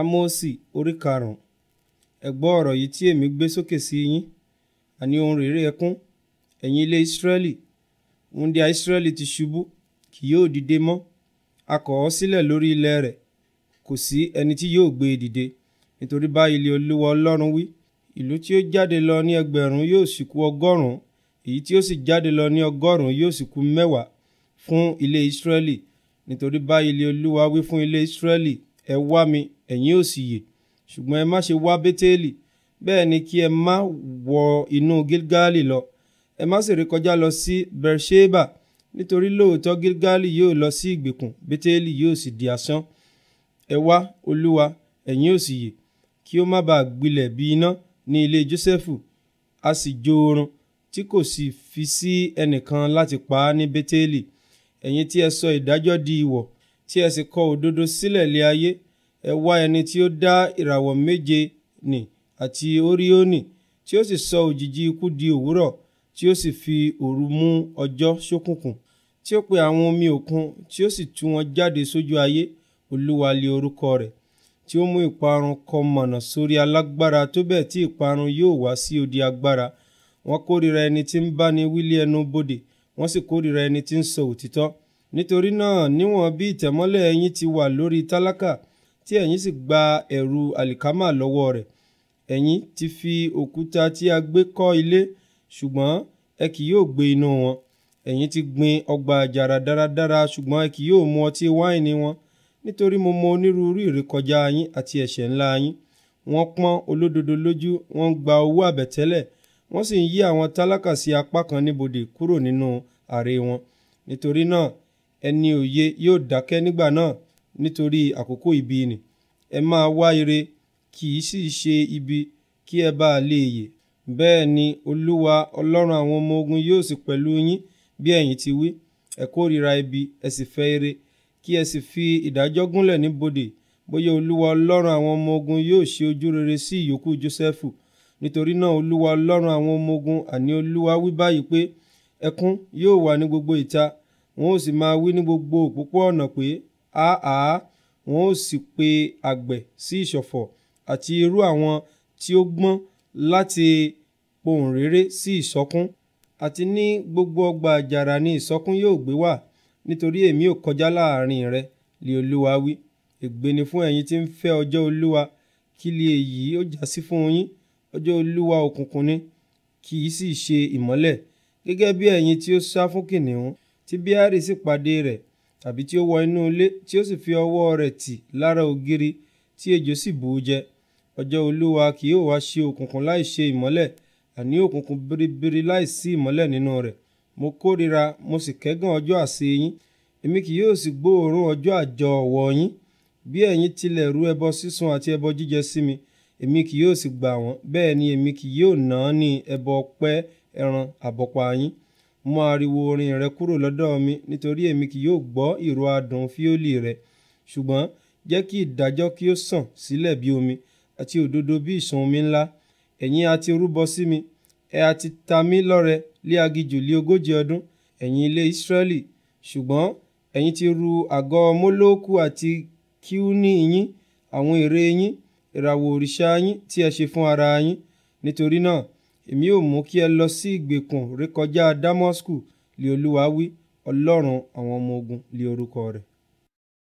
ámósì orí karùn-ún ẹ gbọ́ ọ̀rọ̀ yìí tí èmi gbé sókè sí yín àní ohun rere ẹkún ẹ̀yin ilé ìsírẹ́lì wúńdíá ìsírẹ́lì ti ṣubú kì yóò dìde mọ́ a kọ̀ ọ́ sílẹ̀ lórí ilẹ̀ rẹ̀ kò sí ẹni tí yóò gbé e dìde nítorí báyìí ilé olúwa ọlọ́run wí ìlú tí ó jáde lọ ní ẹgbẹ̀rún yóò sì ọgọ́rùn-ún èyí tí ó sì jáde lọ ní ọgọ́rùn-ún yóò sì mẹ́wàá fún ilé ìsírẹ́lì nítorí báyìí ilé olúwa wí fún ilé ìsírẹ́lì ẹ wá mi ẹ̀yin ò sì yè ṣùgbọ́n ẹ má ṣe wá Bétélì bẹ́ẹ̀ ni kí ẹ má wọ inú Gilgali lọ ẹ má sì rékọjá lọ sí Bersheba nítorí lóòótọ́ Gilgali yóò lọ sí ìgbèkùn Bétélì yóò sì di asán ẹ wá Olúwa ẹ̀yin ò sì yè kí ó má bàa gbilẹ̀ bí iná ní ilé Jósẹ́fù a sì jó tí kò sì fi sí ẹnìkan láti pa á ní Bétélì ẹ̀yin tí ẹ sọ ìdájọ́ di ìwọ̀ tí ẹ sì kọ òdodo sílẹ̀ lé ayé ẹ wá ẹni tí ó dá ìràwọ̀ méje nì àti oríónì tí ó sì sọ òjìji ikú di òwúrọ̀ tí ó sì fi òru mú ọjọ́ ṣókùnkùn tí ó pe àwọn omi òkun tí ó sì tú wọn jáde sójú ayé olúwa lé orúkọ rẹ̀ tí ó mú ìparun kọ mọ̀nà sórí alágbára tó bẹ́ẹ̀ tí ìparun yóò wá sí odi agbára wọ́n kórìíra ẹni tí ń báni wílé ẹnu bodè wọ́n sì kórìíra ẹni tí ń sọ òtítọ́ nítorí náà níwọ̀n bí ìtẹ̀mọ́lẹ̀ ẹ̀yin ti wà lórí tálákà tí ẹ̀yin sì gba ẹ̀rù àlìkámà lọ́wọ́ rẹ̀ ẹ̀yin ti fi òkúta tí a gbé kọ́ ilé ṣùgbọ́n ẹ kì yóò gbé inú wọn ẹ̀yin ti gbin ọgbà àjàrà dáradára ṣùgbọ́n ẹ kì yóò mu ọtí wáìnì wọn nítorí mo mọ onírúurú ìrékọjá yín àti ẹ̀ṣẹ̀ ńlá yín wọ́n pọ́n olódodo lójú wọ́n ń gba owó àbẹ̀tẹ́lẹ̀ wọ́n sì ń yí àwọn tálákà sí apá kan níbodè kúrò nínú àrè wọn nítorí náà ẹni òye yóò dákẹ́ nígbà náà nítorí àkókò ibi nì ẹ máa wá ire kì í sì ṣe ibi kí ẹ bá lè yè bẹ́ẹ̀ ni olúwa ọlọ́run àwọn ọmọ ogun yóò sì pẹ̀lú yín bí ẹ̀yin ti wí ẹ kórìíra ibi ẹ sì fẹ́ ire kí ẹ sì fi ìdájọ́ gúnlẹ̀ níbodè bóyá olúwa ọlọ́run àwọn ọmọ ogun yóò ṣe ojú rere sí ìyókù jósẹ́fù nítorí náà olúwa ọlọ́run àwọn ọmọ ogun àní olúwa wí báyìí pé ẹkún yóò wà ní gbogbo ìta wọn ó sì máa wí ní gbogbo òpópó ọ̀nà pé àá wọn ó sì pe àgbẹ̀ sí ìṣọ̀fọ̀ àti irú àwọn tí ó gbọ́n láti pohùn réré sí ìsọkún àti ní gbogbo ọgbà àjàrà ni ìsọkún yóò gbé wà nítorí èmi ò kọjá láàrin rẹ lé olúwa wí ègbé ni fún ẹ̀yin tí ń fẹ́ ọjọ́ olúwa kí lè èyí ó já sí fún yín ọjọ́ olúwa òkùnkùn ni kì í sì ṣe ìmọ́lẹ̀ gẹ́gẹ́ bí ẹ̀yin tí ó sá fún kìnìún tí Bíárì sì pàdé rẹ̀ tàbí tí ó wọ inú ilé tí ó sì fi ọwọ́ rẹ̀ tì lára ògiri tí ejò sì bù ú jẹ ọjọ́ Olúwa kì yóò wá ṣe òkùnkùn láì ṣe ìmọ́lẹ̀ àní òkùnkùn biribiri láì sí ìmọ́lẹ̀ nínú rẹ̀ mo kórìíra mo sì kẹ́gàn ọjọ́ àsè yín èmi kì yóò sì gbóòórùn ọjọ́ àjọ ọ̀wọ̀ yín bí ẹ̀yin tilẹ̀ rú ẹbọ sísun àti ẹbọ jíjẹ sí mi èmi kì yóò sì gbà wọ́n bẹ́ẹ̀ ni èmi kì yóò nà ní ẹbọ ọpẹ́ ẹran àbọ̀pá yín mú ariwo orin rẹ kúrò lọ́dọ̀ mi nítorí èmi kì yóò gbọ́ ìró adùn fíólì rẹ ṣùgbọ́n jẹ́ kí ìdájọ́ kí ó sàn sílẹ̀ bí omi àti òdodo bí ìsun omi ńlá ẹ̀yin a ti sí mi ẹ a ti ta mí lọ́rẹ lé agijù lé ogójì ọdún ẹ̀yin ilé Ísírẹ́lì ṣùgbọ́n ẹ̀yin ti ru àgọ́ mólókù àti kíúní yín àwọn ère yín ìràwọ̀ òrìṣà yín tí ẹ ṣe fún ara yín nítorí náà èmi ò mú kí ẹ lọ sí ìgbèkùn rékọjá dámásìkù lé olúwa wí ọlọ́run àwọn ọmọ ogun lé orúkọ rẹ̀